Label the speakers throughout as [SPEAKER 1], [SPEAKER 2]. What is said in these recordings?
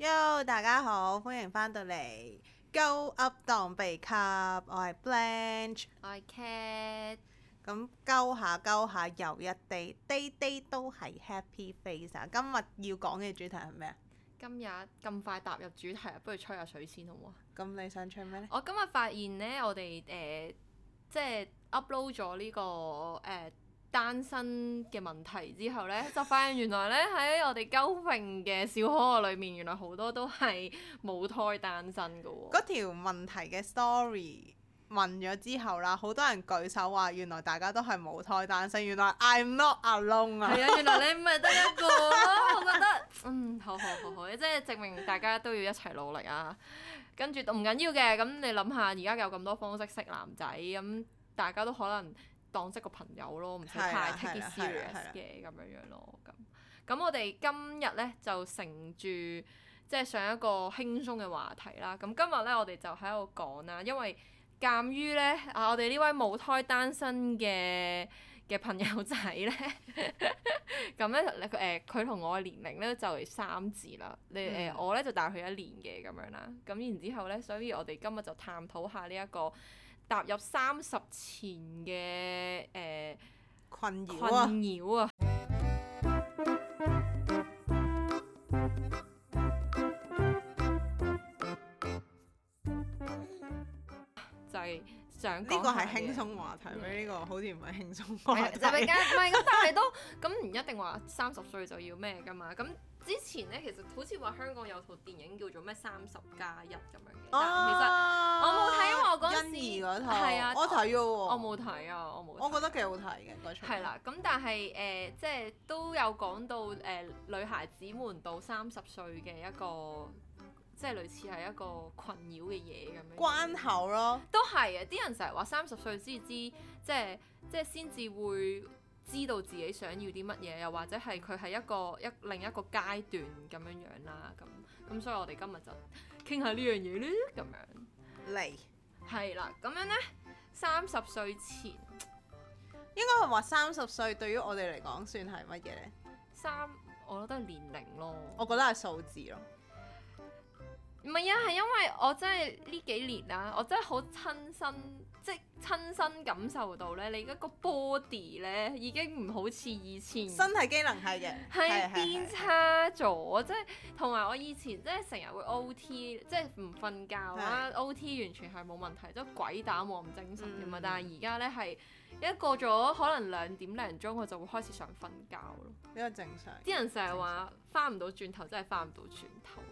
[SPEAKER 1] Yo，大家好，歡迎翻到嚟。Go up 當鼻吸，我係 Blanch，我係 Cat。咁勾下勾下，又一地。Day Day 都係 happy face 啊！今日要講嘅主題係咩啊？
[SPEAKER 2] 今日咁快踏入主題啊，不如吹下水先好唔好啊？咁你想吹咩咧？我今日發現呢，我哋誒、呃，即係 upload 咗呢個誒。呃單身嘅問題之後咧，就發現原來咧喺我哋鳩鵲嘅小可愛
[SPEAKER 1] 裏面，原來好多都係母胎單身噶喎、哦。嗰條問題嘅 story 問咗之後啦，好多人舉手話原來大家都係母胎單身，原來 I'm not alone 啊！係啊，原來你唔係得一個啊。 我覺得
[SPEAKER 2] 嗯，好好好好， 即係證明大家都要一齊努力啊！跟住唔緊要嘅，咁你諗下而家有咁多方式識男仔，咁大家都可能。當識個朋友咯，唔使太 take it serious 嘅咁樣樣咯。咁咁我哋今日咧就乘住即係上一個輕鬆嘅話題啦。咁今日咧我哋就喺度講啦，因為鑑於咧啊我哋呢位母胎單身嘅嘅朋友仔咧，咁咧誒佢同我嘅年齡咧就嚟三字啦。你誒、嗯、我咧就大佢一年嘅咁樣啦。咁然之後咧，所以我哋今日就探討下呢、這、一個。踏入三十前嘅、呃、困擾啊！
[SPEAKER 1] 呢個係輕鬆話題咩？呢、嗯、個好似唔係輕鬆話題。大家唔係，但係
[SPEAKER 2] 都咁唔一定話三十歲就要咩㗎嘛。咁之前咧，其實好似話香港有套電影叫做咩《三十加一》咁樣嘅。其啊！但其實我冇睇，因為我嗰陣時。啊！我睇喎、啊。我冇睇啊！我冇。我覺得幾好睇嘅嗰齣係啦，咁、啊、但係誒、呃，即係都有講到誒、呃，女孩子們到三十歲嘅一個。嗯即係類似係一個困擾嘅嘢，咁樣關口咯，都係啊！啲人成日話三十歲先至知，即係即係先至會知道自己想要啲乜嘢，又或者係佢係一個一另一個階段咁樣樣啦。咁咁，所以我哋今日就傾下呢樣嘢咧。咁樣嚟係啦。咁樣呢，三十歲前
[SPEAKER 1] 應該係話三十歲對於我哋嚟講算係乜嘢呢？三，我覺得係年齡咯。我覺得係數字咯。唔係啊，係因為我真係呢幾年啦、啊，我真係好
[SPEAKER 2] 親身，即係親身感受到咧，你而家個 body 咧已經唔好似以前。身體機能係嘅。係變差咗，即係同埋我以前即係成日會 OT，即係唔瞓覺啊的！OT 完全係冇問題，即係鬼打網唔精神嘅嘛。嗯、但係而家咧係一過咗可能兩點零鐘，
[SPEAKER 1] 我就會開始想瞓覺咯。比較正
[SPEAKER 2] 常。啲人成日話翻唔到轉頭，真係翻唔到轉頭。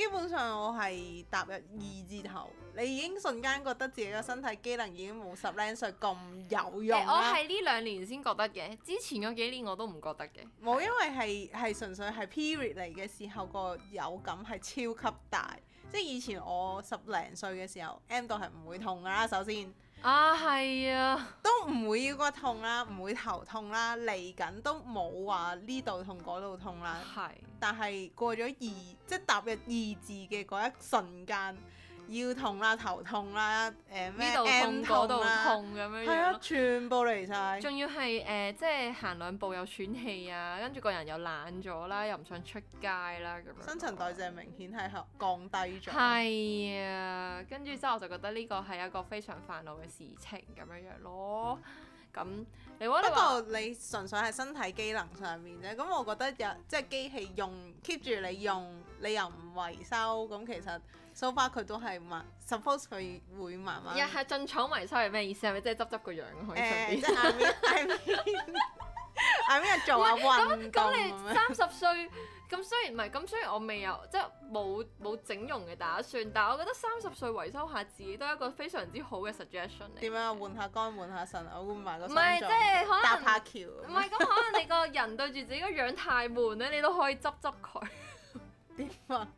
[SPEAKER 1] 基本上我係踏入二字頭，你已經瞬間覺得自己嘅身體機能已經冇十零歲咁有用。欸、我係呢兩年先覺得嘅，之前嗰幾年我都唔覺得嘅。冇，因為係係純粹係 period 嚟嘅時候，個有感係超級大，即係以前我十零歲嘅時候，M 度係唔會痛噶啦，首先。啊，係啊，都唔會腰骨痛啦，唔會頭痛啦，嚟緊都冇話呢度痛嗰度痛啦，係是，但係過咗二，即係踏入二字嘅嗰一瞬間。腰痛啦、頭痛啦、誒呢度痛嗰度痛咁樣樣啊，係對全部嚟晒。仲要係誒，即係
[SPEAKER 2] 行兩步又喘氣啊，跟住個人又懶咗啦，又唔想出街啦、啊、咁樣。新陳代謝明顯係降低咗。係、嗯、啊，跟住之後就覺得呢個係一
[SPEAKER 1] 個非常煩惱嘅事情咁樣樣咯。咁你話不過你純粹係身體機能上面啫，咁我覺得有即係、即係、機器用 keep 住你用，你又唔維修，咁其實。so far 佢都係慢，suppose 佢會慢慢。日係進廠維修係咩意思？係咪即係執執個樣可以、uh, 即係下面，下 I 面 mean, I mean, I mean,，下做下運動咁咁你三
[SPEAKER 2] 十歲，咁 雖然唔係，咁雖然我未有即係冇冇整容嘅打算，但係我覺得三十歲維修下自己都係一個非常
[SPEAKER 1] 之好嘅 suggestion 嚟。點樣啊？來換下肝，換下腎，我換埋個。唔係不，即係可能搭下橋唔係，咁可能你
[SPEAKER 2] 個人對住自己個樣太悶咧，
[SPEAKER 1] 你都可以執執佢。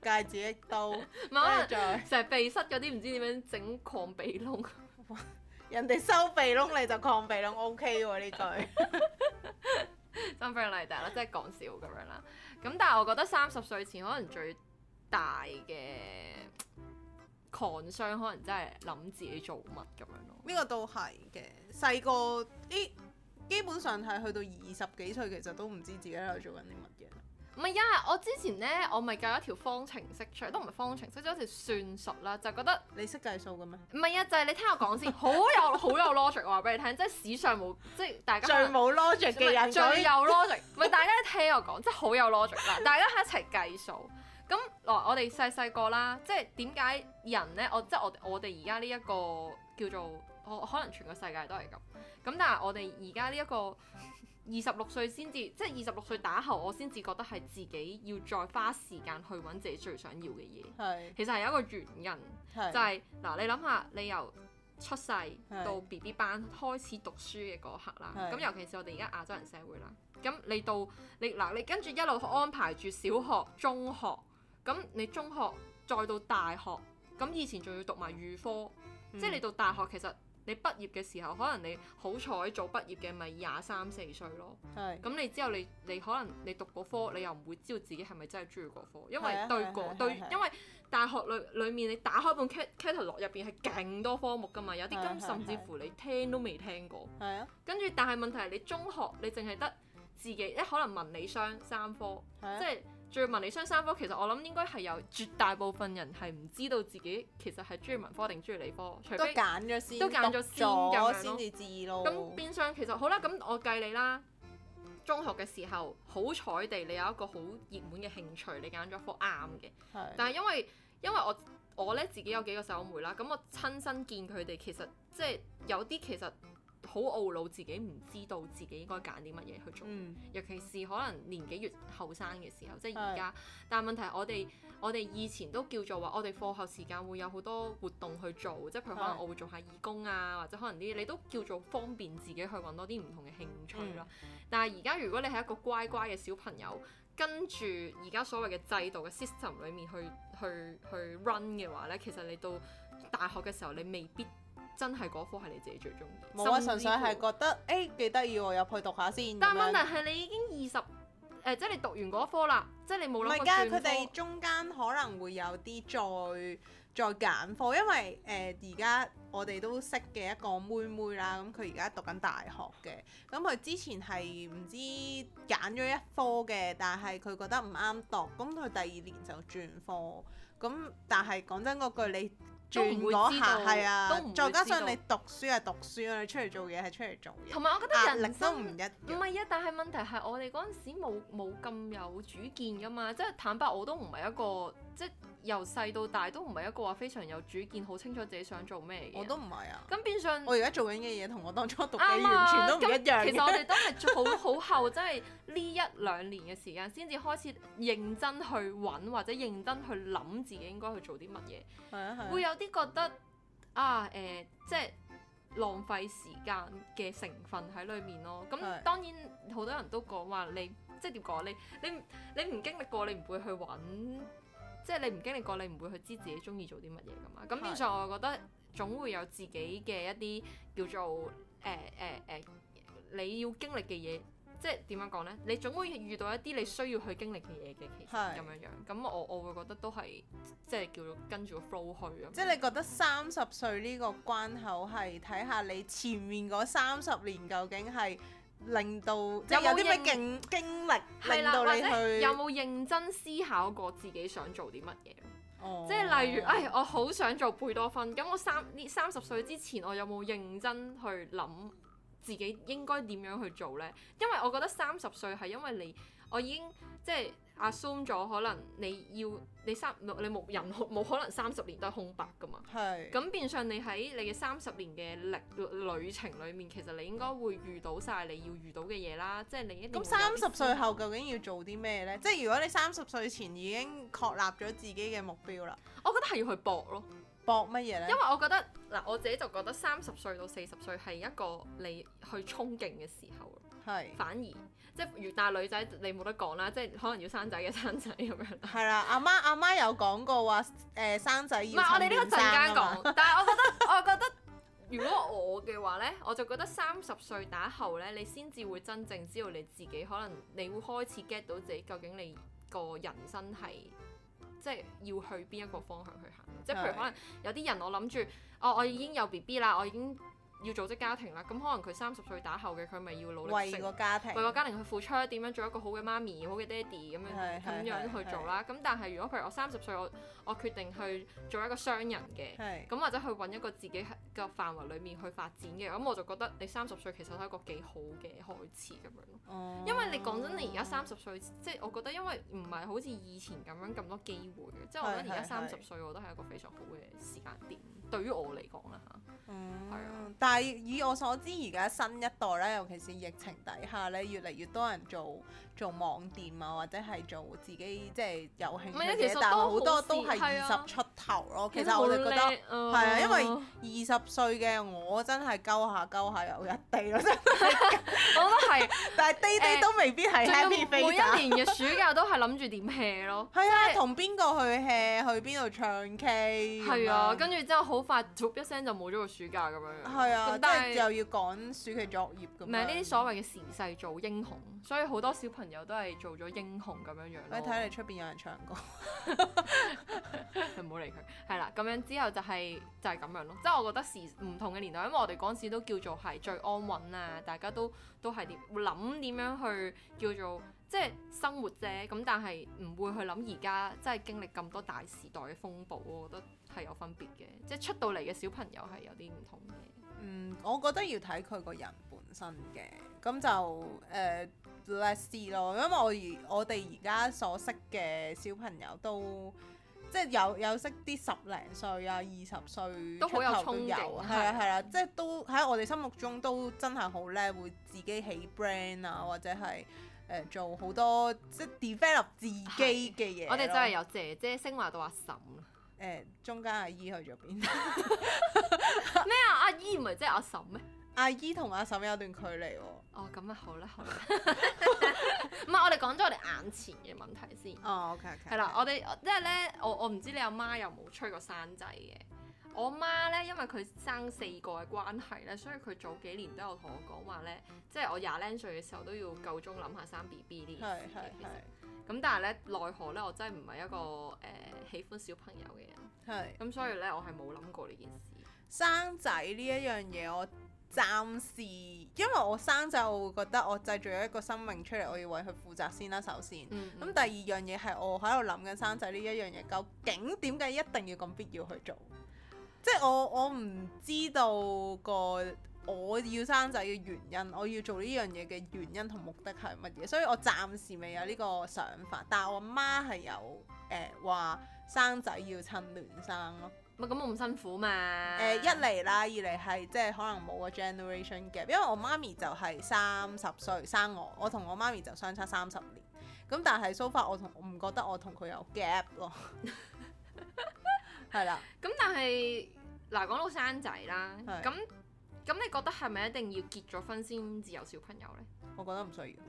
[SPEAKER 1] 戒指一刀，唔好再成日鼻塞嗰啲，唔知點樣整擴鼻窿。 人哋收鼻窿你就擴鼻窿，O K 喎呢對。
[SPEAKER 2] 真 friend 嚟，大咧即係講笑咁樣啦。咁但係我覺得三十歲前可能最大嘅狂想，可能真係諗自己做
[SPEAKER 1] 乜咁樣咯。呢個都係嘅，細個啲基本上係去到二十幾歲，其實都唔知自己喺度做緊啲乜嘢。唔係呀，我之前咧，我咪教一
[SPEAKER 2] 條方程式出嚟，都唔係方程式，就好似算術啦，就覺得你識計數嘅咩？唔係呀，就係你聽我講先，好有好有 logic 話俾你聽，即係 史上冇，即係大家最冇 logic 嘅人，最有 logic。 唔係大家聽我講，即係好有 logic 啦。大家喺一齊計數，咁嗱我哋細細個啦，即係點解人咧？我即係我我哋而家呢一個叫做，我可能全個世界都係咁。咁但係我哋而家呢一個。二十六歲先至，即係二十六歲打後，我先至覺得係自己要再花時間去揾自己最想要嘅嘢。
[SPEAKER 1] 是其實係有一個
[SPEAKER 2] 原因，是就係、是、嗱，你諗下，你由出世到 BB 班開始讀書嘅嗰刻啦。咁是尤其是我哋而家亞洲人社會啦，咁你到你嗱，你跟住一路安排住小學、中學，咁你中學再到大學，咁以前仲要讀埋預科，是嗯、即係你到大學其實。你畢業嘅時候，可能你好彩早畢業嘅咪廿三四歲咯。咁、啊、你之後你你可能你讀個科，你又唔會知道自己係咪真係中意個科，因為對個、啊啊啊、對，對因為大學裏裏面你打開本 catalog 入邊係勁多科目㗎嘛，有啲甚至乎你聽都未聽過。跟住、啊啊啊，但係問題係你中學你淨係得自己一可能文理商三科，啊、即係。最文理商三科，其實我諗應該係有絕大部分人係唔知道自己其實係中意文科定中意理科，除非都揀咗先，都揀咗先咁變相其實好啦，咁我計你啦。中學嘅時候，好彩地你有一個好熱門嘅興趣，你揀咗科啱嘅。係但係因為因為我我咧自己有幾個細佬妹啦，咁我親身見佢哋，其實即係有啲其實。好懊惱自己唔知道自己應該揀啲乜嘢去做，嗯、尤其是可能年紀越後生嘅時候，嗯、即係而家。但問題係我哋，嗯、我哋以前都叫做話我哋課後時間會有好多活動去做，即係譬如可能我會做下義工啊，嗯、或者可能啲你都叫做方便自己去揾多啲唔同嘅興趣啦。嗯、但係而家如果你係一個乖乖嘅小朋友，跟住而家所謂嘅制度嘅 system 裏面去去去，去 run 嘅話咧，其實你到大學嘅時候你未必。真係嗰科係你自己最中意，冇啊至！純粹係覺得，誒幾得意喎，入去讀下
[SPEAKER 1] 先。但係問題係
[SPEAKER 2] 你已經二十、呃，誒即係你讀完嗰科啦，即係你冇諗過。唔係，而家佢哋
[SPEAKER 1] 中間可能會有啲再再揀科，因為誒而家我哋都識嘅一個妹妹啦，咁佢而家讀緊大學嘅，咁佢之前係唔知揀咗一科嘅，但係佢覺得唔啱讀，咁佢第二年就轉科。咁但係講真嗰句你。轉嗰下係啊，都再加上你讀書係讀書，你出嚟做嘢係出嚟做嘢。同埋我覺得人生壓力都唔一樣。唔係啊，
[SPEAKER 2] 但係問題係我哋嗰陣時冇冇咁有主見噶嘛，即係坦白我都唔係一個。即係由細到大都唔係一個話非常有主見、好清楚自己想做咩嘅。我都唔係啊。咁
[SPEAKER 1] 變相我而家做緊嘅嘢同我當初讀嘅、嗯啊、完全都唔一樣，嗯啊。其實我哋都係好好
[SPEAKER 2] 後，即係呢一兩年嘅時間先至開始認真去揾或者認真去諗自己應該去做啲乜嘢。係、啊啊、會有啲覺得啊，誒、呃，即係浪費時間嘅成分喺裡面咯。咁、啊、當然好多人都講話你即係點講你你你唔經歷過你唔會去揾。即係你唔經歷過，你唔會去知自己中意做啲乜嘢噶嘛。咁，變咗我就覺得總會有自己嘅一啲叫做誒誒誒，你要經歷嘅嘢。即係點樣講呢？你總會遇到一啲你需要去經歷嘅嘢嘅，其實咁樣樣。咁是我我會覺得都係即係叫做跟住個 flow 去啊。即係你
[SPEAKER 1] 覺得三十歲呢個關口係睇下你前面嗰三十年究竟係。令到即係 有冇啲咩經
[SPEAKER 2] 經歷，令到你去有冇
[SPEAKER 1] 認真思考過
[SPEAKER 2] 自己想做啲乜嘢？Oh. 即係例如，唉、oh. 哎，我好想做貝多芬。咁我三呢三十歲之前，我有冇認真去諗自己應該點樣去做呢？因為我覺得三十歲係因為你，我已經即係。Assume 咗可能你要你三你冇人冇可能三十年都係空白㗎嘛，咁是變相你喺你嘅三十年嘅旅旅程裏面，其實你應該會遇到晒你要遇到嘅嘢啦，即係你一咁三十歲
[SPEAKER 1] 後究竟要做啲咩呢？嗯、即係如果你三十歲前已經確立咗自己嘅目標啦，我覺得係要去搏咯，搏乜嘢呢？因為
[SPEAKER 2] 我覺得嗱，我自己就覺得三十歲到四十歲係一個你去衝勁嘅時候，係是反而。即係越大女仔，你冇得講啦，即係可能要生仔嘅生仔咁樣。
[SPEAKER 1] 係啦，阿媽阿媽有講過話誒、呃、生仔要生。唔係我哋呢個陣間講，
[SPEAKER 2] 但係我覺得我覺得，覺得 如果我嘅話咧，我就覺得三十歲打後咧，你先至會真正知道你自己，可能你會開始 get 到自己究竟你個人生係即係要去邊一個方向去行。 即係譬如可能有啲人我諗住，我、哦、我已經有 B B 啦，我已經。要組織家庭啦，咁可能佢三十歲打後嘅佢咪要努力成為個家庭，為個家庭去付出，點樣做一個好嘅媽咪，好嘅爹哋咁樣咁樣去做啦。咁但係如果譬如我三十歲，我我決定去做一個商人嘅，咁或者去揾一個自己嘅範圍裡面去發展嘅，咁我就覺得你三十歲其實都係一個幾好嘅開始咁樣，
[SPEAKER 1] 因為你講真，你而
[SPEAKER 2] 家三十歲，即係我覺得因為唔係好似以前咁樣咁多機會嘅，即係我覺得而家三十歲我都係一個非常好嘅時間點，
[SPEAKER 1] 對於我嚟講啦嚇，係啊，但係以我所知，而家新一代咧，尤其是疫情底下咧，越嚟越多人做做網店啊，或者係做自己即係有興趣嘅嘢。但係好多都係二十出頭咯。其實我哋覺得係啊，因為二十歲嘅我真係鳩下鳩下又一地咯，真係。我覺得係，但係地地都未必係。每一年嘅暑假都係諗住點 hea 咯。係啊，同邊個去 hea？去邊度唱 K？係啊，跟
[SPEAKER 2] 住之後好快噏一聲就冇咗個暑假咁樣。係啊。但係又要趕暑期作業，唔係呢啲所謂嘅時勢做英雄，所以好多小朋友都係做咗英雄咁樣樣。你睇你出邊有人唱歌，你唔好理佢。係啦，咁樣之後就係就係咁樣咯。即係我覺得時唔同嘅年代，因為我哋嗰陣時都叫做係最安穩啊，大家都都係點會諗點樣去叫做即係生活啫。咁但係唔會去諗而家即係經歷咁多大時代嘅風暴，我覺得係有分別嘅。即係出到嚟嘅小朋友係有啲唔
[SPEAKER 1] 同嘅。嗯，我覺得要睇佢個人本身嘅，咁就誒、uh, let's see 咯，因為我而我哋而家所識嘅小朋友都即係有有識啲十零歲啊、二十歲出頭都有啊，係啊係啊，即係都喺我哋心目中都真係好叻，會自己起 brand 啊，或者係誒、呃、做好多即係 develop 自己嘅嘢唉。東我哋真係由姐姐升華到阿嬸。誒、欸，中間阿姨去咗邊？咩 啊？阿姨唔係即係阿嬸咩？阿姨同阿嬸有段距離喎、哦。哦，咁啊好啦，好
[SPEAKER 2] 啦。唔 係， 我哋講咗我哋眼前嘅問題先。哦、oh，OK OK, okay。係啦，我哋即係咧，我我唔知你阿媽，媽有冇催過生仔嘅。我媽呢，因為佢生四個嘅關係呢，所以佢早幾年都有同我講話呢。即係我廿零歲嘅時候都要夠鍾諗下生 B B 呢件事。咁但係呢，奈何呢，我真係唔係一個誒、呃、喜歡小朋友嘅人。
[SPEAKER 1] 係咁是，所以呢，我係
[SPEAKER 2] 冇諗過呢件
[SPEAKER 1] 事。生仔呢一樣嘢，我暫時因為我生仔，我會覺得我製造咗一個生命出嚟，我要為佢負責先啦。首先，咁、嗯嗯、第二樣嘢係我喺度諗緊生仔呢一樣嘢，究竟點解一定要咁必要去做？即係我我唔知道個我要生仔嘅原因，我要做呢樣嘢嘅原因同目的係乜嘢，所以我暫時未有呢個想法。但係我媽係有誒話、呃、生仔要趁暖生咯，咪咁咁辛苦嘛？呃、一嚟啦，二嚟係即係可能冇個 generation gap，因為我媽咪就係三十歲生我，我同我媽咪就相差三十年，咁但係 so far 我同唔覺得我同佢有 gap 咯。 係啦，咁、 嗯、但係嗱，講到生仔啦，咁
[SPEAKER 2] 咁 你覺得係咪一定要結咗婚先至有小朋友咧？
[SPEAKER 1] 我覺得唔需要。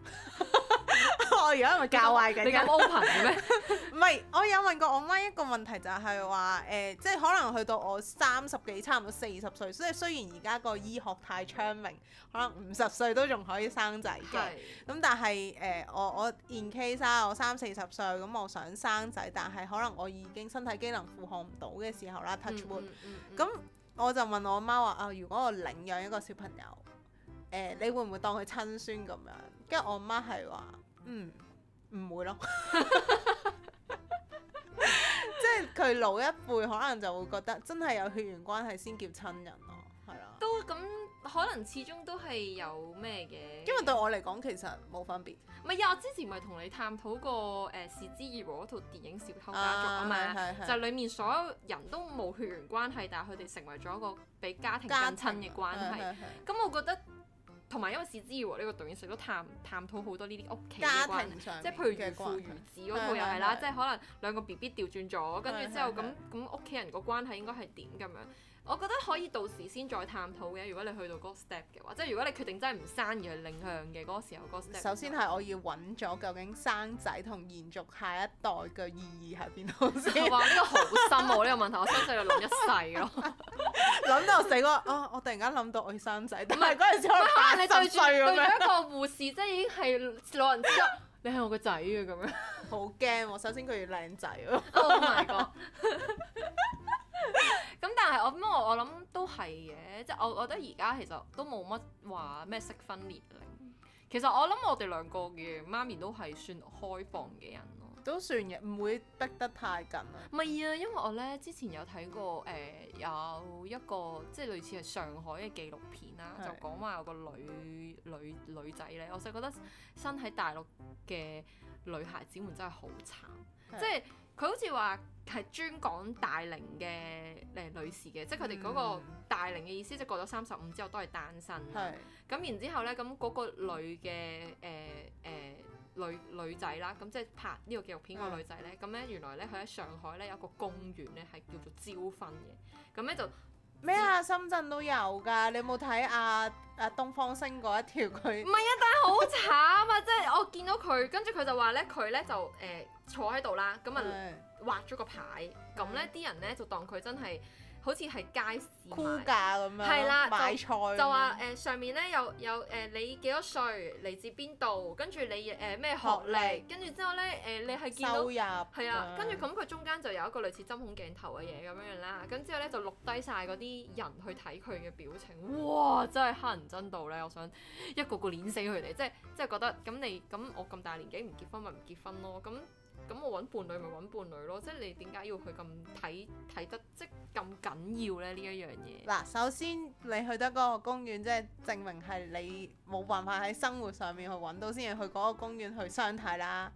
[SPEAKER 1] 我而家係咪教壞緊，你咁 open 嘅咩？唔係， 我有問過我媽一個問題就，就係話誒，即係可能去到我三十幾，差唔多四十歲，所以雖然而家個醫學太昌明，可能五十歲都仲可以生仔嘅。咁是但係誒、呃，我我 in case 我三四十歲咁我想生仔，但係可能我已經身體機能負荷唔到嘅時候啦，touch wood。咁、嗯嗯嗯嗯嗯、我就問我媽話啊、呃，如果我領養一個小朋友？誒、欸，你會唔會當佢親孫咁樣？跟住我媽係話， 嗯，唔會咯，即係佢老一輩可能就會覺得，真係有血緣關係先叫親人咯、啊，係啦。
[SPEAKER 2] 都咁可能始終都係有咩嘅？因
[SPEAKER 1] 為對我嚟講，其實冇分別。
[SPEAKER 2] 唔係啊，我之前咪同你探討過誒是枝裕和嗰套電影《小偷家族》啊嘛，就係裡面所有人都冇血緣關係，但係佢哋成為咗一個比家庭更親嘅關係。咁、嗯嗯、我覺得。同埋因為《是枝裕和》呢個導演成日都探探討好多呢啲屋企嘅關係，關係即係譬如如父如子嗰套又係啦，是是是即係可能兩個 B B 調轉咗，跟住是之後咁咁屋企人個關係應該係點咁樣？我覺得可以到時先再
[SPEAKER 1] 探討嘅，如果你去到嗰個 step 嘅話，即係如果
[SPEAKER 2] 你決定真係唔生而係領向嘅嗰、嗰個、時候嗰、嗰個 step。首先係我
[SPEAKER 1] 要揾咗究竟生仔同延續下一代嘅意義喺邊度先。哇！呢、呢個好深喎，呢 個問題，我真係要諗一世咯。諗 到死咯、啊！我突然間諗到我要生仔，唔係嗰陣時可能你對住 對住一個護士，即係已經係老人之後你係我個仔嘅咁樣 好，好驚喎！首先佢要靚仔喎。 Oh
[SPEAKER 2] my 我諗都係嘅，即係我我覺得而家其實都冇乜話咩適婚年齡。其實我諗我哋兩個嘅媽咪都係算開放嘅人咯，都算嘅，唔會逼得得太緊啊。唔係啊，因為我咧之前有睇過誒、呃、有一個即係類似係上海嘅紀錄片啦，是就講話有個女女女仔咧，我就覺得身喺大陸嘅女孩子們真係好慘，是即係。佢好似話係專講大齡嘅誒、呃、女士嘅，即係佢哋嗰個大齡嘅意思，即係過咗三十五之後都係單身。咁、嗯、然之後咧，咁、那、嗰個女嘅誒誒女女仔啦，咁即係拍呢個紀錄片個女仔咧，咁咧、嗯、原來咧佢喺上海咧有一個
[SPEAKER 1] 公園咧係叫做招婚嘅，咁咧就。咩啊？深圳都有㗎，你有冇睇啊？阿、啊、東方星嗰一條佢？唔係 啊，但係好慘啊！即係 我見到佢，跟住佢就話咧，佢咧就誒、呃、坐喺度啦，咁啊畫咗
[SPEAKER 2] 個牌，咁咧啲人咧就當佢真係。好似係街市估價
[SPEAKER 1] 咁樣啦買菜樣就，就話誒、
[SPEAKER 2] 呃、上面咧有有誒、呃、你幾多歲，嚟自邊度，跟住你誒咩、呃、學歷，跟住的之後咧誒、呃、你係見到收入係啊，跟住咁佢中間就有一個類似針孔鏡頭嘅嘢咁樣樣啦，咁之後咧就錄低晒嗰啲人去睇佢嘅表情，哇！真係乞人憎到咧，我想一個個攆死佢哋，即係即係覺得咁你咁我咁大年紀唔結婚咪唔結婚咯咁。咁我揾伴侶咪揾伴侶咯，即係你點解要佢咁睇睇得即咁緊要咧呢一樣嘢？
[SPEAKER 1] 嗱，首先你去得嗰個公園，即係證明係你冇辦法喺生活上面去揾到先至去嗰個公園去相睇啦。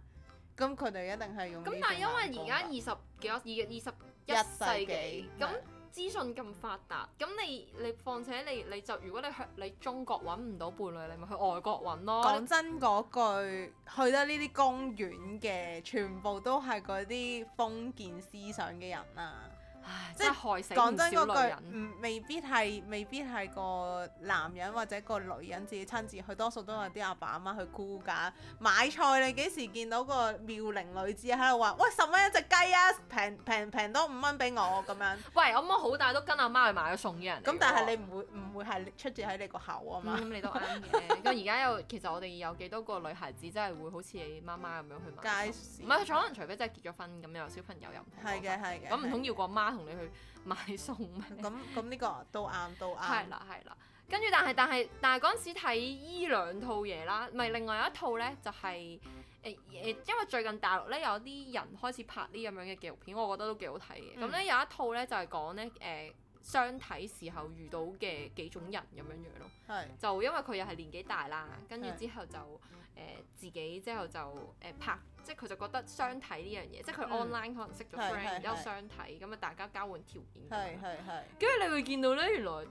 [SPEAKER 1] 咁佢哋一定係用呢。咁但係因為而家二十幾十、二二十一世紀咁。
[SPEAKER 2] 那資訊咁發達，咁你你，你況且你
[SPEAKER 1] 你就，如果你去你
[SPEAKER 2] 中國揾唔到伴侶，你咪去外國揾咯。講真
[SPEAKER 1] 嗰句，去得呢啲公園嘅，全部都係嗰啲封建思想嘅人啊。唉即係是講真嗰句，未必係未必係個男人或者個女人自己親自，去多數都有啲阿爸阿媽去估價。買菜你幾時見到個妙齡女子喺度話：喂，十蚊一隻雞啊，平平平多五蚊俾我咁樣。喂，我媽好大都跟阿媽，媽去買咗餸嘅人嚟。咁但係你唔會
[SPEAKER 2] 唔我會係出自喺你個口啊嘛？咁、嗯、你都啱嘅。咁而家有其實我哋有幾多個女孩子真係會好似你媽媽咁樣去買街市？唔係，可能不的除非真係結咗婚咁有小朋友又唔同。係嘅的，係嘅。咁唔通要個媽，媽？同你去
[SPEAKER 1] 買餸，咁咁呢個都啱，都啱。係啦，
[SPEAKER 2] 係啦。跟住，但係但係但係嗰陣時睇依兩套嘢啦，咪另外有一套呢就係、是、誒、呃、因為最近大陸呢有啲人開始拍呢咁樣嘅紀錄片，我覺得都幾好睇嘅。咁呢、嗯、有一套呢就係、是、講呢。誒、呃。相睇時候遇到嘅幾種人咁樣樣咯，是就因為佢又係年紀大啦，跟住之後就誒是、呃、自己之後就誒、呃、拍，即係佢就覺得相睇呢樣嘢，嗯、即係佢 online 可能識咗 friend，然之後相睇，咁啊，大家交換條件，係跟住你會見到呢，原來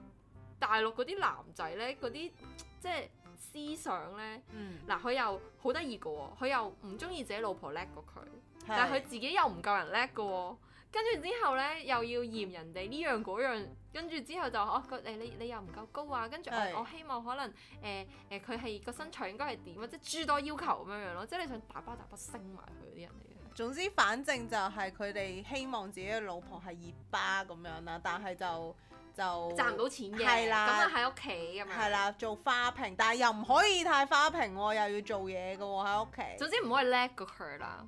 [SPEAKER 2] 大陸嗰啲男仔呢，嗰啲即係思想呢，嗱佢、嗯、又好得意嘅喎，佢又唔中意自己老婆叻過佢，是是但係佢自己又唔夠人叻嘅喎。跟住之後咧，又要嫌人哋呢樣嗰樣，跟住之後就哦，佢、啊、誒你你，你又唔夠高啊，跟住我，是我希望可能誒誒佢係個身材應該係點啊，即係諸多要
[SPEAKER 1] 求咁樣樣咯，即係你想大把大把升埋佢啲人嚟嘅。總之，反正就係佢哋希望自己嘅老婆係熱巴咁樣啦，但係就就賺唔到錢嘅，咁啊喺屋企咁啊，係啦，做花瓶，但係又唔可以太花瓶喎，又要做嘢嘅喎，喺屋企。總之唔可以叻過佢啦。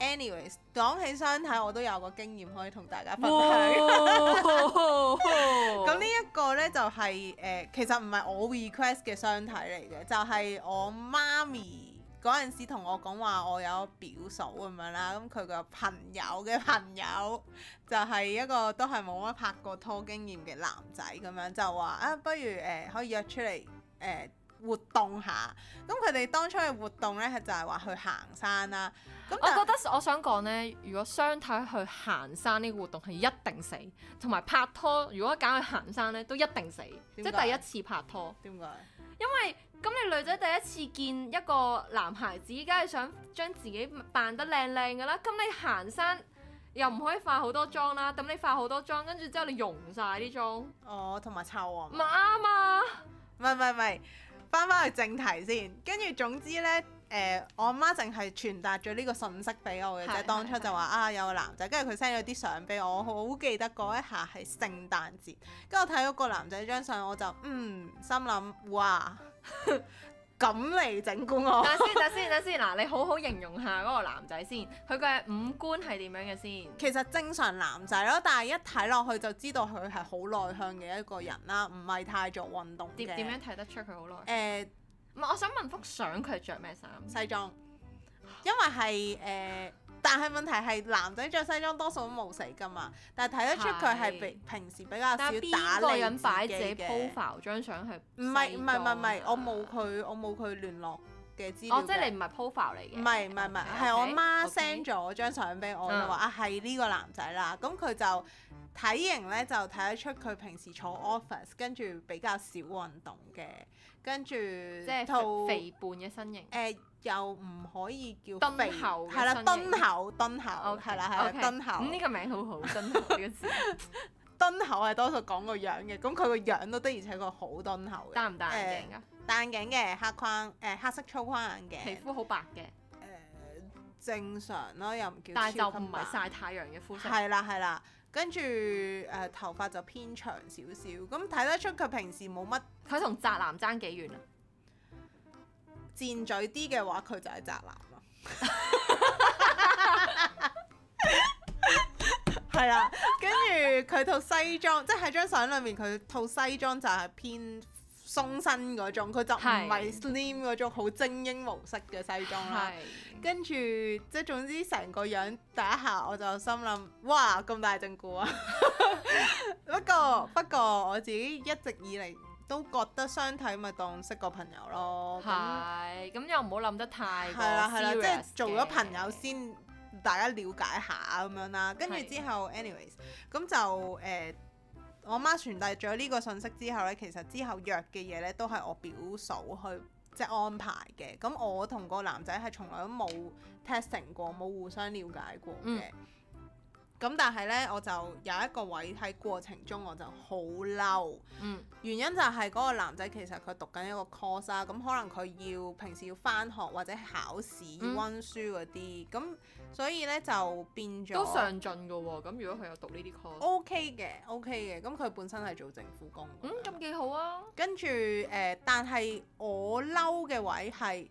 [SPEAKER 1] Anyways，講起相睇，我都有個經驗可以同大家分享。咁呢一個呢，就係誒，其實唔係我 request 嘅相睇嚟嘅，就係我媽咪嗰陣時同我講話，我有表嫂咁樣啦，咁佢個朋友嘅朋友就係一個都係冇乜拍過拖經驗嘅男仔咁樣，就話啊，不如誒可以約出嚟活動下，咁佢哋當初嘅活動咧就係話去行山啦。咁我覺得我想講咧，如果雙體去
[SPEAKER 2] 行山呢個活動係一定死，同埋拍拖如果揀去行山咧都一定死。何即係第一次拍拖。點解何？因為咁你女仔第一次見一個男孩子，梗係想將自己扮得靚靚噶啦。咁你行山又唔可以
[SPEAKER 1] 化好多妝啦。咁你化好多妝，跟住之後你溶晒啲妝。哦，同埋臭啊。唔啱啊！唔係唔係唔係。翻返去正題先，跟住總之呢，誒、呃、我阿媽淨係傳達咗呢個信息俾我嘅啫，是當初就話的啊有個男仔，跟住佢 send 咗啲相俾我，好記得嗰一下係聖誕節，跟住我睇到個男仔張相，我就嗯心諗哇。 咁嚟整蠱我？等等先，等先，嗱，你
[SPEAKER 2] 好好形容下嗰個男仔先，佢嘅五官係點樣嘅先？其實
[SPEAKER 1] 正常男仔咯，但係一睇落去就知道佢係好內向嘅一個人啦，唔係太做運動嘅。點樣睇
[SPEAKER 2] 得出佢好內
[SPEAKER 1] 向？誒，唔係，我想問幅相佢着咩衫？西裝，因為係誒。Uh, 但係問題係男仔着西裝多數都冇死噶嘛，但係睇得出佢係平時比較少打理自己嘅。邊個人擺自己 profile 張相係？唔係唔係唔係唔係，我冇佢我冇佢聯絡嘅資料。哦，即係你唔係 profile 嚟嘅。唔係唔係唔係，係 Okay, 我媽 send 咗張相俾我，就話啊係呢個男仔啦。咁佢、嗯、就體型咧就睇得出佢平時坐 office 跟住比較少運動嘅。跟住即係套肥胖嘅身形，誒又唔可以叫敦厚，係啦，敦厚，敦厚，係啦，係啦，敦厚。咁呢個名好好，敦厚呢個字。敦厚係多數講個樣嘅，咁佢個樣都的而且確好敦厚嘅。戴唔戴眼鏡啊？戴眼鏡嘅，黑框誒黑色粗框眼鏡。皮膚好白嘅。誒正常咯，又唔叫，但係就唔係晒太陽嘅膚色。係啦，係啦。跟住誒、呃、頭髮就偏長少少，咁睇得出佢平時冇乜。佢同宅男爭幾遠啊？賤嘴啲嘅話，佢就係宅男咯。係 啊，跟住佢套西裝， 即係喺張相裏面佢套西裝就係偏鬆身嗰種，佢就唔係 slim 嗰種好精英模式嘅西裝啦。的跟住即係總之成個樣第一下我就心諗，哇咁大陣仗啊！ 不過不過我自己一直以嚟都覺得相睇咪當識個朋友咯。咁咁的那又唔好諗得太
[SPEAKER 2] serious，即係做咗
[SPEAKER 1] 朋友先大家了解下咁樣啦。跟住之後的，anyways 咁就誒。呃我媽傳遞咗呢個信息之後呢，其實之後約嘅嘢呢都係我表嫂去即係、就是、安排嘅，咁我同個男仔係從來都冇 test 成過，冇互相了解過嘅。嗯咁但係咧，我就有一個位喺過程中我就好嬲，嗯、原因就係嗰個男仔其實佢讀緊一個 course 啊，咁、嗯、可能佢要平時要返學或者考試要溫書嗰啲，咁、嗯、所以咧就變咗都上進㗎喎、哦。咁如果佢有讀呢啲 course，O K 嘅，O K 嘅，咁佢本身係做政府工，嗯，咁幾好啊。跟住誒、呃，但係我嬲嘅位係。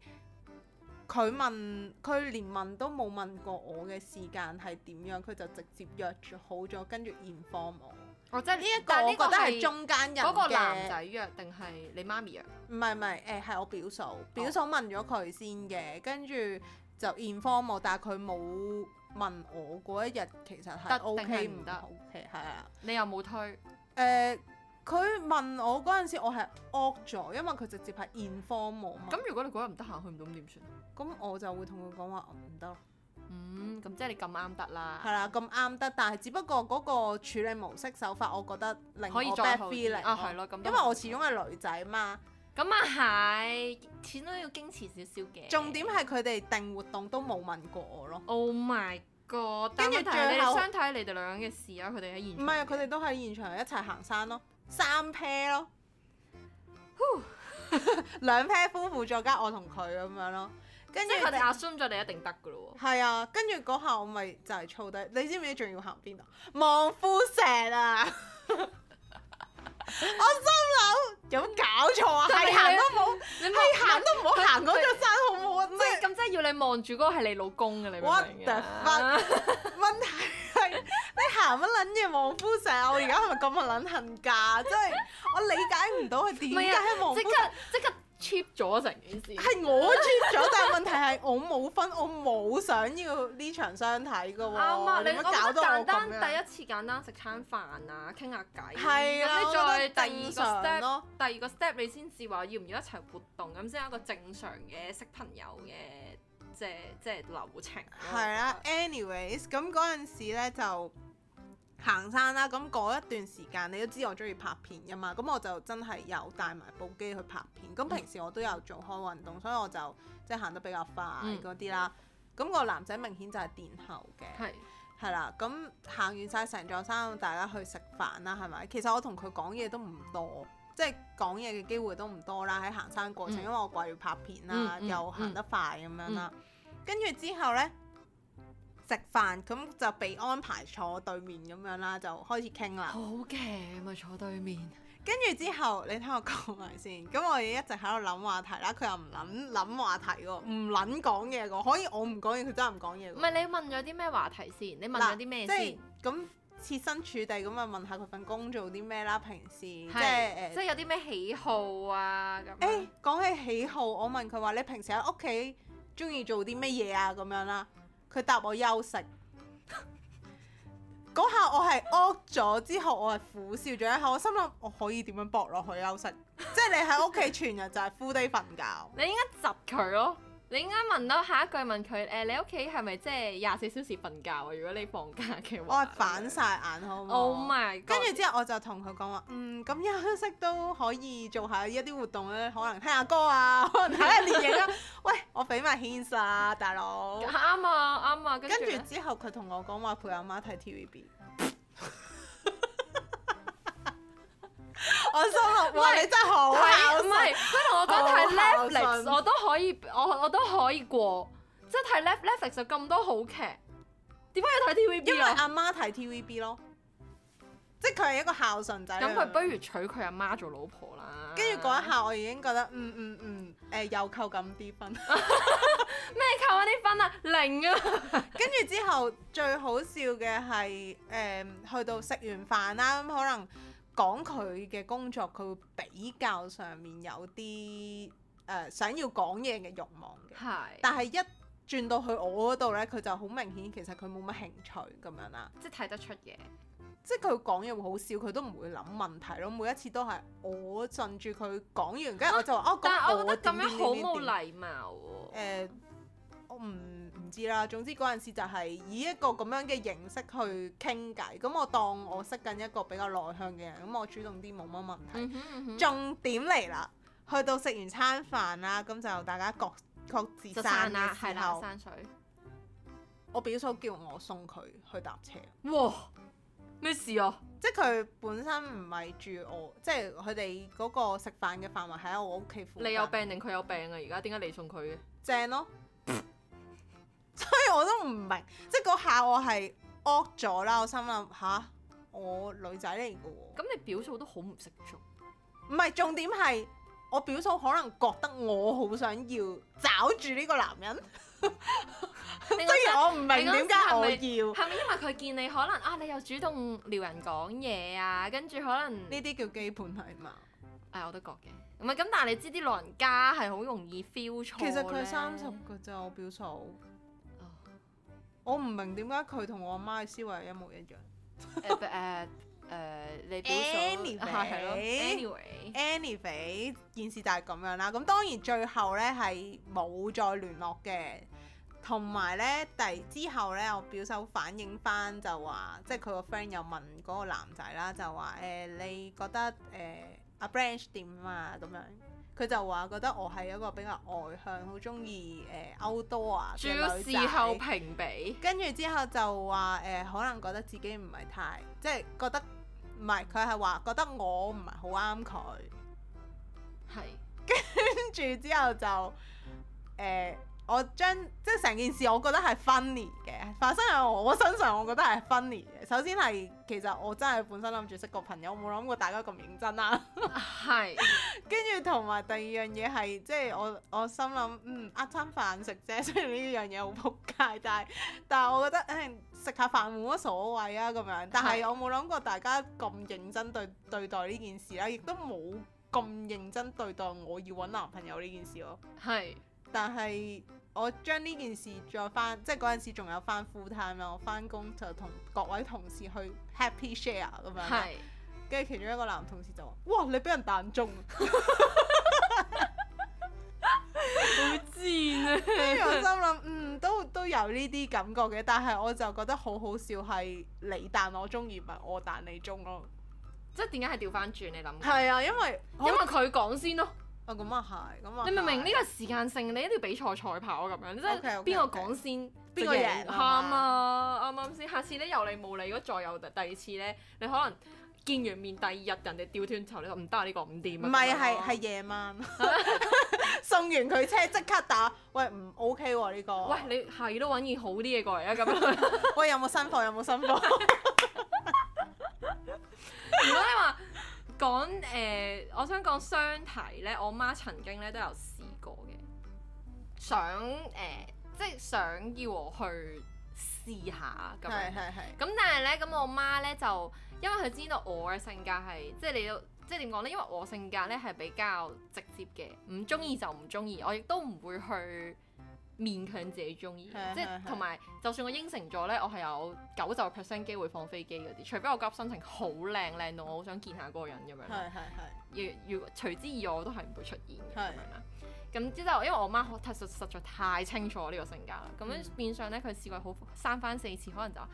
[SPEAKER 1] 佢問佢連問都冇問過我嘅時間係點樣，佢就直接約住好咗，跟住 inform 我。哦，即係呢一個，但 我覺得係中間人嘅。個男仔約定係你媽咪約，唔係唔係，誒係、呃、我表嫂，表嫂問咗佢先嘅，Oh. 跟住就 inform 我，但係佢冇問我嗰一日其實係得 OK 唔得？OK，係啊，你又冇推誒。呃佢問我嗰陣時，我係惡咗，因為佢直接係 inform 我、er、嘛。咁如果你嗰日唔得閒去唔到，咁點算啊？咁我就會同佢講話唔得咯。嗯，咁即係你咁啱得啦，係啦，咁啱得，但係只不過嗰個處理模式手法，我覺得令我 bad feeling、啊、因為我始終係女仔嘛。咁啊係，
[SPEAKER 2] 錢都要矜持少少嘅。重點係
[SPEAKER 1] 佢哋定活動都冇問過我咯。oh my god！跟住最後相睇後你哋兩嘅事啊，佢哋喺現場唔係佢哋都喺現場一齊行山咯。三 pair 咯， 兩 pair 夫婦再加我同佢咁樣咯，跟住佢哋阿縮
[SPEAKER 2] 咗，你一定得噶咯
[SPEAKER 1] 喎。係啊，跟住嗰下我咪就係操低，你知唔知仲要行邊度？望夫石啊！ 我心諗有冇搞錯啊？你行都冇，你行都唔好行嗰座山好唔好啊？即係咁即係要你望住嗰個係你老公嘅你明明。What the fuck？問題係你行乜撚嘢？黃夫成啊！我而家係咪咁啊撚恨噶？即係我理解唔到佢點解黃夫成即刻即刻。上 cheap 咗成件事，係我 cheap 咗，但係問題係我冇分，我冇想要呢場相睇㗎喎。啱啊，為何 你點覺樣搞到我咁樣？第一
[SPEAKER 2] 次簡單食餐飯啊，傾下偈，咁咧、啊、是再第二個 step，咯、啊。第二個 step 你先至話要唔要一齊活動，咁先有一個正常嘅識朋友嘅即係即係流程。
[SPEAKER 1] 係啦，anyways，咁嗰陣時咧就。行山啦、啊，咁過一段時間你都知我中意拍片㗎嘛，咁我就真係有帶埋部機去拍片。咁、嗯、平時我都有做開運動，所以我就即係行得比較快嗰啲啦。咁、嗯、個男仔明顯就係電喉嘅，係是啦。咁行完晒成座山，大家去食飯啦，係咪？其實我同佢講嘢都唔多，即係講嘢嘅機會都唔多啦。喺行山過程，嗯、因為我掛住拍片啦，嗯嗯、又行得快咁樣啦。嗯嗯嗯、跟住之後呢。食飯咁就被安排坐對面咁樣啦，就開始傾啦。好嘅，咪 坐對面。跟住之後，你聽我講埋先。咁我哋一直喺度諗話題啦，佢又唔諗諗話題喎，唔諗講嘢喎。可以我唔講嘢，佢真係唔講嘢。唔係你問咗啲咩話題先？你問咗啲咩？即係咁設身處地咁啊問下佢份工做啲咩啦？平時是即係即、呃、有啲咩喜好啊咁。誒、欸，講起喜好，我問佢話你平時喺屋企中意做啲咩嘢啊咁樣啦。佢答我休息，嗰下 我係惡咗，之後我係苦笑咗一下，我心諗我可以點樣駁落去休息？ 即係你喺屋企全日就係 full day 瞓覺，
[SPEAKER 2] 你應該窒佢咯。你應該問
[SPEAKER 1] 到下一句問佢誒、呃，你屋企係咪即係廿四小時瞓覺啊？如果你放假嘅話，我係、哦、反晒眼好唔好？Oh my God！跟住之後我就同佢講話，嗯，咁休息都可以做下一啲活動咧，可能聽下歌啊，可能睇下電影啊。 喂，我畀埋顯神啊，大佬。啱 啊，啱啊，啊，啊，啊。跟住之後佢同我講話陪阿媽睇 TVB。 我心諗，喂，看你真係好孝順，唔係佢同我講睇 Netflix，我都
[SPEAKER 2] 可以，我我都可以過，
[SPEAKER 1] 即係睇 Netflix 就咁多好劇，點解要睇 TVB？因為阿媽睇 TVB 咯，即係佢係一個孝順仔，咁佢、嗯、不如
[SPEAKER 2] 娶佢阿媽做老婆啦。
[SPEAKER 1] 跟住嗰一下，我已經覺得嗯嗯嗯，誒、嗯嗯嗯呃、又扣咁啲分，咩 扣啊啲分啊零啊。跟 住之後最好笑嘅係誒，去到食完飯啦咁可能。講佢嘅工作，佢會比較上面有啲誒、呃、想要講嘢嘅慾望嘅。係的。但係一轉到去我嗰度咧，佢就好明顯其實佢冇乜興趣咁樣啦。即係睇得出嘢，即係佢講嘢會好少，佢都唔會諗問題咯。每一次都係我順住佢講完，跟住、啊、我就話。哦、但這樣 我覺得咁樣好冇禮貌喎、哦。呃我唔唔知啦，總之嗰陣時就係以一個咁樣嘅形式去傾偈。咁我當我識緊一個比較內向嘅人，咁我主動啲冇乜問題。嗯嗯、重點嚟啦，去到食完餐飯啦，咁就大家各各自散嘅時候，啊、我表嫂叫我送佢去搭車。哇！咩事啊？即係佢本身唔係住我，即係佢哋嗰個食飯嘅範圍喺我屋企附近。你有病定佢有病啊？而家點解你送佢嘅？正咯。 所以我都唔明，即係嗰下我係惡咗啦。我心諗吓，我女仔嚟嘅喎。咁你表嫂都好唔識做，唔係，重點係我表嫂可能覺得我好想要找住呢個男人。雖 然我唔明點解我要，係
[SPEAKER 2] 咪因為佢見你可能啊？你又主動撩人講嘢啊，跟住可能呢啲叫基本禮貌。誒、哎、
[SPEAKER 1] 我都覺嘅，唔係咁，但係你知啲老人家係好容易 feel 錯。其實佢三十個就我表嫂。我唔明點解佢同我阿媽嘅思維一模一樣。誒誒，你表嫂係咯？Anyway，anyway，件事就係咁樣啦。咁當然最後咧係冇再聯絡嘅，同埋咧第之後咧，我表嫂反應翻就話，即係佢個 friend 又問嗰個男仔啦，就話誒，你覺得誒阿 Branch 點啊咁樣。佢就話覺得我係一個比較外向，好中意誒歐多啊嘅女比。後跟住之後就話誒、呃，可能覺得自己唔係太，即係覺得唔係佢係話覺得我唔係好啱佢，係是跟住之後就誒。呃我將即係成件事，我覺得係分 u 嘅發生喺我身上，我覺得係分 u 嘅。首先係其實我真係本身諗住識個朋友，冇諗過大家咁認真啦。係是。跟住同埋第二樣嘢係即係我我心諗嗯，呃餐飯食啫，雖然呢樣嘢好撲街，但係但係我覺得誒食下飯冇乜所謂啊咁樣。是但係我冇諗過大家咁認真對對待呢件事啦，亦都冇咁認真對待我要揾男朋友呢件事咯。係。但係我將呢件事再翻，即係嗰陣時仲有翻 full time 咯，我翻工就同各位同事去 happy share 咁是樣，跟住其中一個男同事就話，哇，你俾人彈中，
[SPEAKER 2] 好賤啊！跟 住我就
[SPEAKER 1] 心諗，嗯，都都有呢啲感覺嘅，但係我就覺得好好笑，係你彈我中意，唔係我彈你中咯。
[SPEAKER 2] 即係點解
[SPEAKER 1] 係調翻轉？你諗？係啊，因為因為佢
[SPEAKER 2] 講先咯。啊咁啊係，咁啊你明唔明呢個時間性？你一定要比賽賽跑咁樣，即係邊個講先，邊個贏？啱啊，啱啱先。下次咧有你冇理，如果再有第二次咧，你可能見完面第二日人哋掉轉頭，你話唔得啊！呢個唔掂。唔係係係夜
[SPEAKER 1] 晚送完佢車即刻打，喂唔 OK 喎呢個。喂你係都揾件好啲嘢過嚟啊！咁樣，喂有冇新貨有冇新貨？唔該
[SPEAKER 2] 啊！講誒、呃，我想講雙題咧，我媽曾經咧都有試過嘅，想誒、呃，即係想要我去試下咁樣，係係。咁但係咧，咁我媽咧就因為佢知道我嘅性格係，即係你要，即係點講咧？因為我性格咧係比較直接嘅，唔中意就唔中意，我亦都唔會去。勉強自己中意， 即係同埋，就算我應承咗咧，我係有九十九 percent 機會放飛機嗰啲，除非我急心情好靚靚到我好想見下嗰個人咁樣，係如如除此之外，我都係唔會出現。咁之後因為我媽實實在太清楚呢個性格啦，咁樣變相咧，佢、嗯、試過好三番四次，可能就話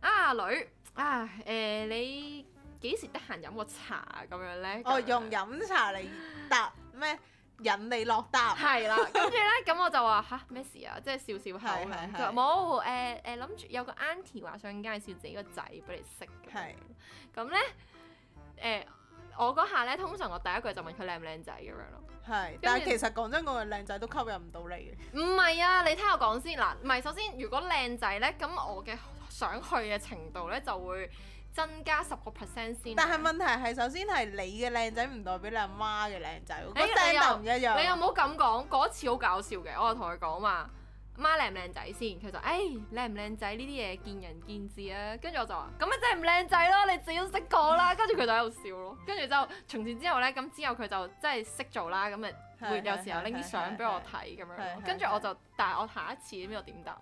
[SPEAKER 2] 啊女啊誒、呃、你幾時得閒飲個茶咁樣咧？我、哦、用飲茶嚟答咩？引你落答， 係啦，跟住咧，咁我就話吓，咩事啊？即係笑笑口。是是是」冇誒誒，諗、呃、住、呃、有個 aunty 話想介紹自己個仔俾你識嘅，咁咧誒，我嗰下咧，通常我第一句就
[SPEAKER 1] 問佢靚唔靚仔咁樣咯。係是，後但係其實講真，我係靚仔都吸引唔到你
[SPEAKER 2] 嘅。唔係 啊，你聽我講先嗱，唔係首先如果靚仔咧，咁我嘅想去嘅程度咧就會。增加十個 percent 先。但係問題係，首先係你嘅靚仔唔代表你阿媽
[SPEAKER 1] 嘅靚仔，個 standard 唔一樣。你有
[SPEAKER 2] 冇咁講，嗰次好搞笑嘅，我就同佢講話，阿媽靚唔靚仔先？佢就誒靚唔靚仔呢啲嘢見仁見智啊。跟住我就話，咁啊真係唔靚仔咯，你自己都識講啦。跟住佢就喺度笑咯。跟住就後從此之後呢，咁之後佢就真係識做啦。咁咪會有時候拎啲相俾我睇咁樣。跟住我就，但係我下一次邊個點答？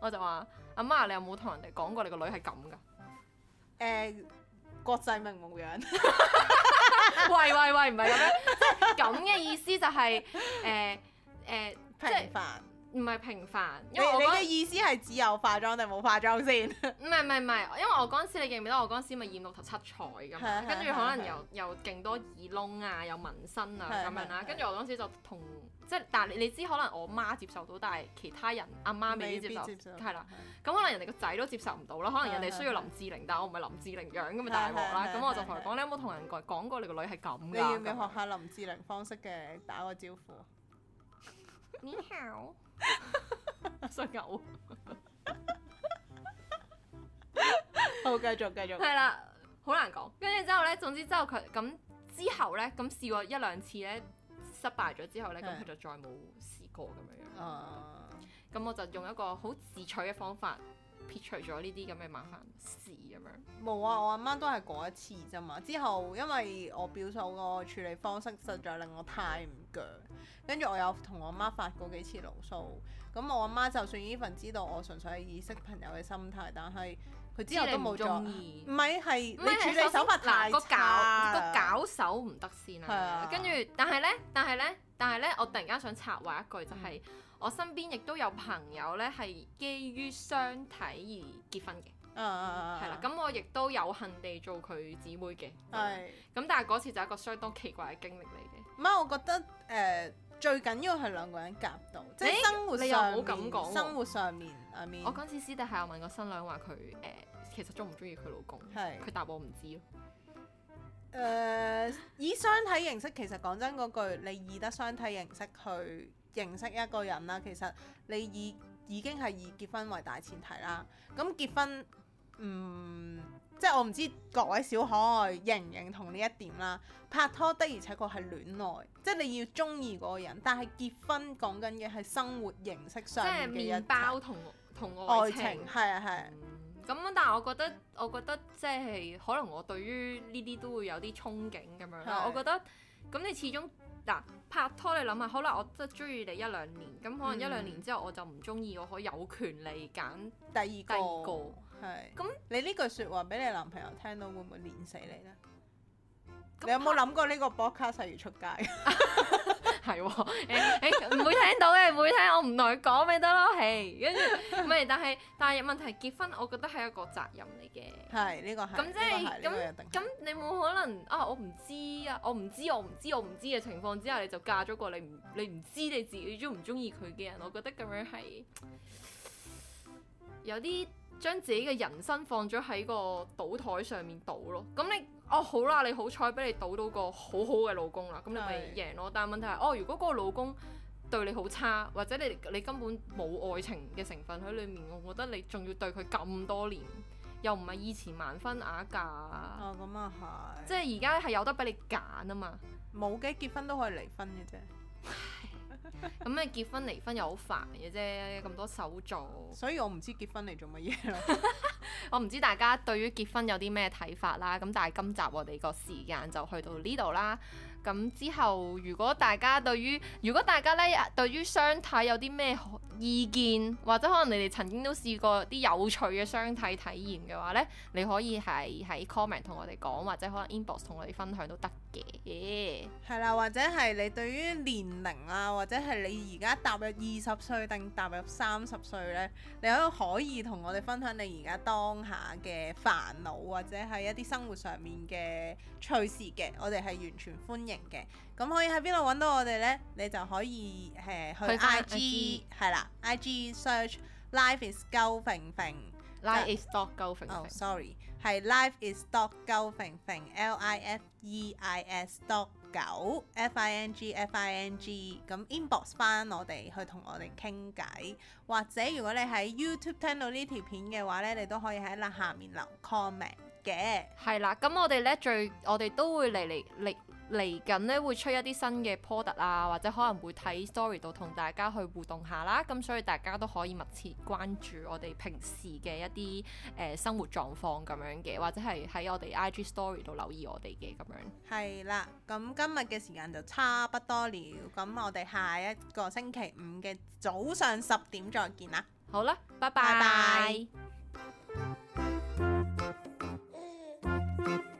[SPEAKER 2] 我就話阿媽，你有冇同人哋講過你個女係咁噶？誒、呃、國際名模樣，喂喂喂，唔係咁樣，咁嘅 意思就係誒誒平凡，唔係平凡。
[SPEAKER 1] 你你嘅意思係只有化妝定冇化妝先？
[SPEAKER 2] 唔係唔係唔係，因為我嗰陣時你記唔記得我嗰陣時咪染六頭七彩噶嘛，跟住可能又又勁多耳窿啊，又紋身啊咁樣啦，跟住我嗰陣時就同。即係，但係你你知可能我媽接受到，但係其他人阿媽，媽未必接受，係啦了。咁對 可能人哋個仔都接受唔到啦。可能人哋需要林志玲，對對對，但係我唔係林志玲樣咁咪大鑊啦。咁對我就同佢講：你有冇同人講過你個女係咁嘅？你要唔要學下
[SPEAKER 1] 林志玲方式嘅打個招呼？你好，失牛。好，繼續繼續。係啦，
[SPEAKER 2] 好難講。跟住之後咧，總之之後佢咁之後咧，咁試過一兩次咧。失敗咗之後呢，咁佢的就再冇試過咁樣樣。咁、uh, 我就用一個好自取嘅方法撇除咗呢啲咁嘅麻煩事咁樣、
[SPEAKER 1] 嗯。冇啊，我阿媽，媽都係嗰一次啫嘛。之後因為我表嫂個處理方式實在令我太唔鋸，跟住我有同我媽，媽發過幾次牢騷。咁我阿媽，媽就算依份知道我純粹係意識朋友嘅心態，但係。佢之後都冇中意，唔係係你處理手法太差個搞，個搞手唔得先啦、啊。是啊、跟住
[SPEAKER 2] 但係咧，但係咧，但係咧，我突然間想插話一句、就係，就係、嗯、我身邊亦都有朋友咧係基於相體而結婚嘅，係啦、嗯啊嗯。咁、啊、我亦都有幸地做佢姊妹嘅。係是、啊嗯。咁但係嗰次就一個相當奇怪嘅經歷嚟嘅。
[SPEAKER 1] 唔係，我覺得誒、呃、最緊要係兩個人夾到，即係生活上面，你你啊、生活上面。I mean, 我嗰次私底下我
[SPEAKER 2] 問過新娘話佢
[SPEAKER 1] 誒，其實中唔中意佢
[SPEAKER 2] 老公？佢是答我唔知咯。誒、
[SPEAKER 1] 呃，以相睇形式，其實講真嗰句，你以得相睇形式去認識一個人啦，其實你已已經係以結婚為大前提啦。咁結婚唔、嗯、即係我唔知各位小可愛認唔認同呢一點啦。拍拖的而且確係戀愛，即係你要中意嗰個人，但係結婚講緊嘅係生活形式上，面係麵包同，愛情係、嗯、啊係，
[SPEAKER 2] 咁、啊、但係我覺得，我覺得即、就、係、是、可能我對於呢啲都會有啲憧憬咁樣。啊、但我覺得咁你始終嗱、啊、拍拖你想想，你諗下，可能我真係中意你一兩年，咁可能一兩年之後我就唔
[SPEAKER 1] 中意，我可以有權利揀、嗯、第二個。係咁，你呢句說話俾你男朋友聽到會唔會連死你呢？你有冇諗過呢個 podcast 係要出街？係喎，誒唔、 欸欸欸、會聽到嘅，唔會聽，我唔同佢講咪得
[SPEAKER 2] 咯，係。跟住，唔係，但係但係問題結婚，我覺得係一個責任嚟嘅。係 是，呢個係。咁即係咁，咁你冇可能 啊！我唔知啊，我唔知，我唔知，我唔知嘅情況之下，你就嫁咗個你唔你唔知你自己中唔中意佢嘅人，我覺得咁樣係有啲將自己嘅人生放咗喺個賭枱上面賭咯。咁你？哦，好啦，你，你好彩俾你賭到個好好嘅老公啦，咁你咪贏咯。但係問題係，哦，如果嗰個老公對你好差，或者你你根本冇愛情嘅成分喺裏面，我覺得你仲要對佢咁多年，又唔係以前盲婚啞嫁，啊、哦，咁咪係。即係而家係有得俾你揀啊嘛，冇嘅結婚都可以離婚嘅啫。 咁啊、 嗯，結婚離婚又好煩嘅啫，咁多手續。所以我唔知結婚嚟做乜嘢咯。我唔知大家對於結婚有啲咩睇法啦。咁但係今集我哋個時間就去到呢度啦。咁之後如果大家對於如果大家咧對於相睇有啲咩意見，或者可能你哋曾經都試過啲有趣嘅相睇體驗嘅話咧，你可以
[SPEAKER 1] 係喺 comment 同我哋講，或者可能 inbox 同我哋分享都得嘅。係啦，或者係你對於年齡啊，或者係你而家、啊、踏入二十歲定踏入三十歲咧，你可以可以同我哋分享你而家當下嘅煩惱，或者係一啲生活上面嘅趣事嘅，我哋係完全歡迎。嘅，咁可以喺邊度揾到我哋呢？你就可以誒去 I G 係啦，I G search life is dog fing fing，life is dog fing fing。哦，sorry，係 life is dog fing fing，L I F E I S d o g 九 F I N G F I N G。咁 inbox 翻我哋去同我哋傾偈，或者如果你喺 YouTube 聽到呢條片嘅話呢，你都可以喺欄下面留 comment
[SPEAKER 2] 嘅。係啦，咁我哋呢，最我哋都會嚟嚟。嚟緊咧會出一啲新嘅 product 啊，或者可能會睇 story 度同大家去互動下啦。咁所以大家都可以密切關注我哋平時嘅一啲誒、呃、生活狀況咁樣嘅，或者係喺我哋 I G story 度留意我哋嘅咁樣。
[SPEAKER 1] 係啦，咁今日嘅時間就差不多了。咁我哋下一個星期五嘅早上十點再見啦。好啦，拜拜。拜拜